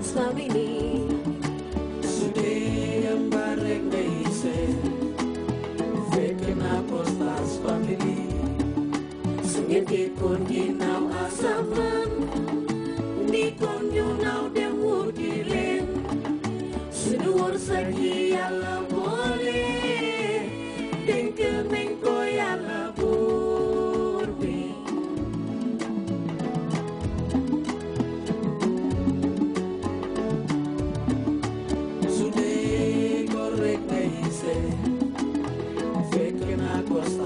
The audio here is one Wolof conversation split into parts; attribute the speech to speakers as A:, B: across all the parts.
A: sabini Today yang barek beise Vekin apostas family Sungeti pun ginaw asaman Ni pun yunaw dem wudilen Sinuor sagi alam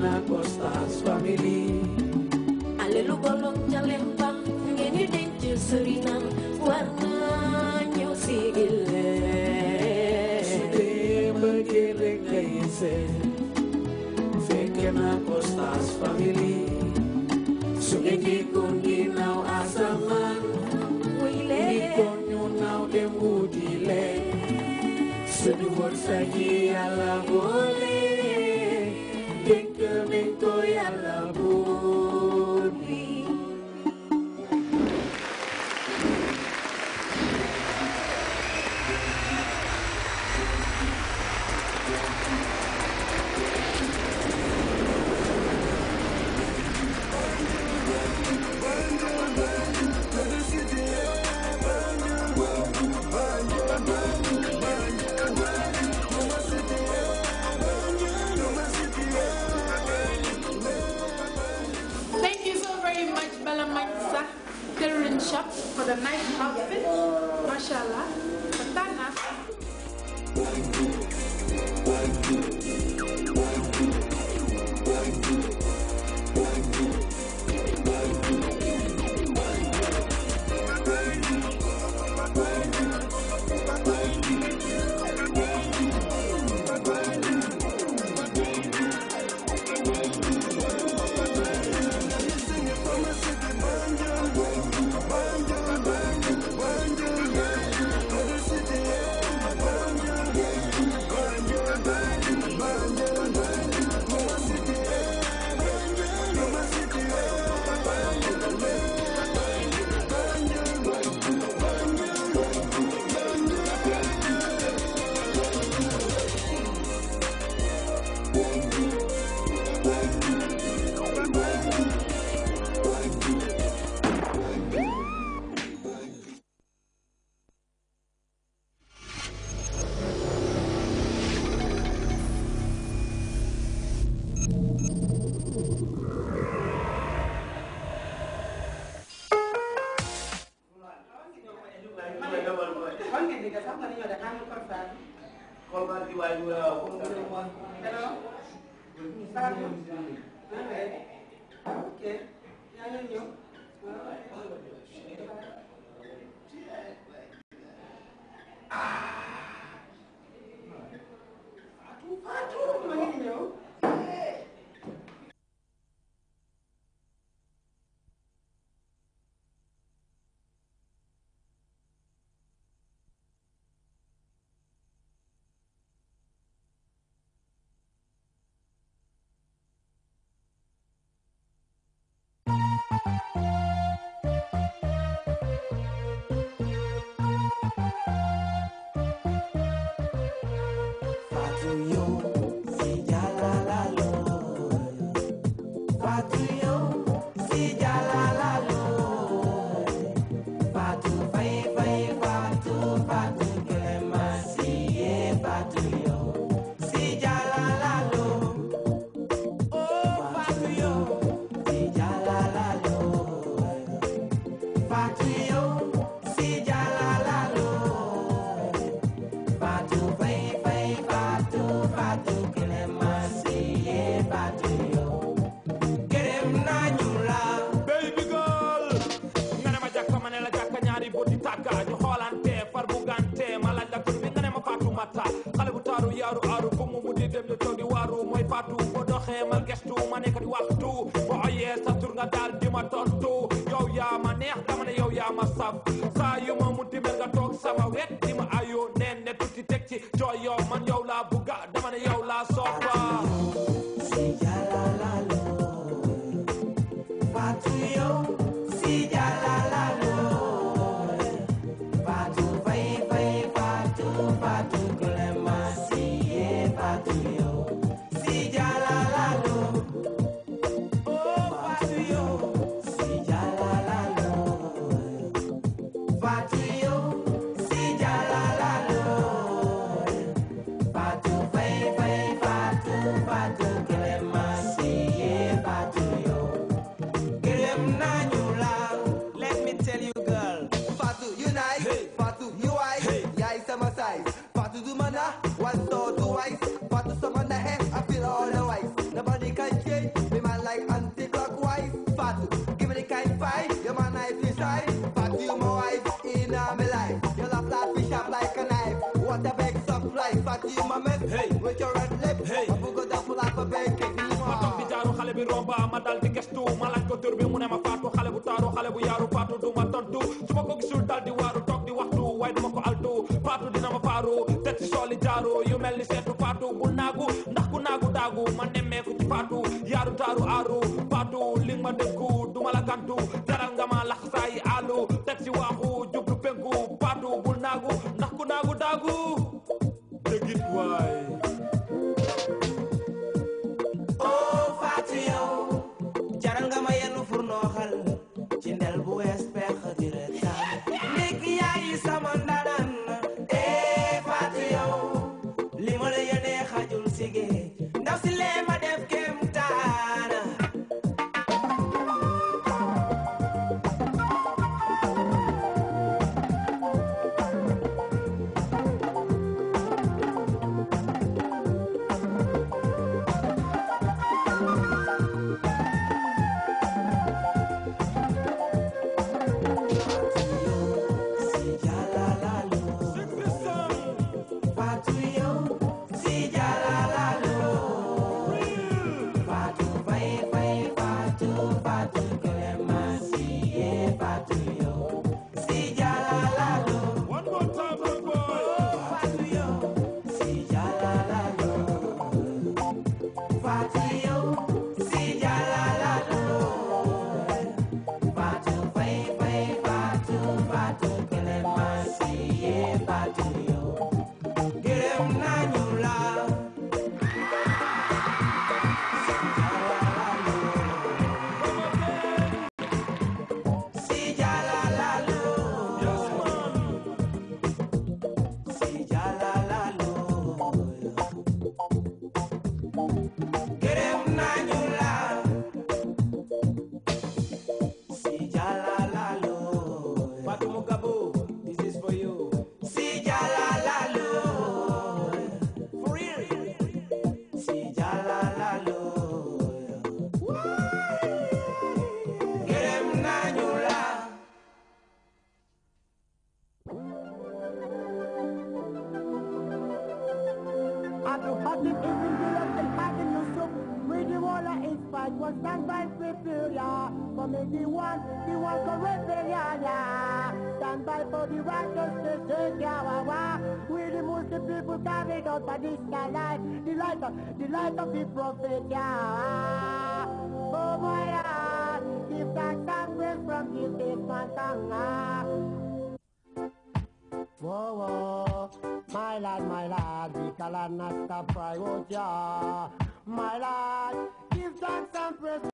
A: na Costas family alelu lu bolok jalem bam ngeen warna denc sërinam war na ñëw si na Costas family Sungai ngeen di kon ginnaaw asamaan ni kon ñu naaw dem wuti leen suñu wërsëg yi good shop for the nice outfit. Mashallah. But dikasama niyo kan, kalau korsan kolbar diwayula ko hello sarap okay yan yun yun Patria. dem di di waaru mooy faatu boo doxee ma gestu ma nekk di waxtu boo oyee sa tur nga daal di ma tontu yow yaa ma neex dama yow yaa ma saf saa yu ma munti mel nga toog sama wet di ma ayoo neen ne tuuti ci jooy yow man yow laa bugga dama yow laa soppa kii ma met hey with your red lip hey di jaaru xale bi romba ma dal di gestu ma laaj ko tur mu ne ma faatu xale bu taaru xale bu yaaru faatu du ma tontu su ma ko gisul dal di waaru toog di waxtu waaye dama ko altu faatu dina ma faaru te sooli jaaru yu mel ni seetu faatu bul naagu ndax ku naagu daagu ma nemmeeku ci faatu yaaru taaru aaru faatu li ma dëkku du ma la kantu jaral ma تحقق الانقلاب الحاكم للصبح وديولا is fight was done by For me, the one, the one correct yeah Stand by for the righteous to take yeah, wah wah. We the most people carried out by this light The light of, the light of the prophet, yeah Oh boy, God, give that and from from the faithful tongue, Whoa, whoa, my lad, my lad, we call not stop, cry out, oh, yeah. My lad, give thanks and praise.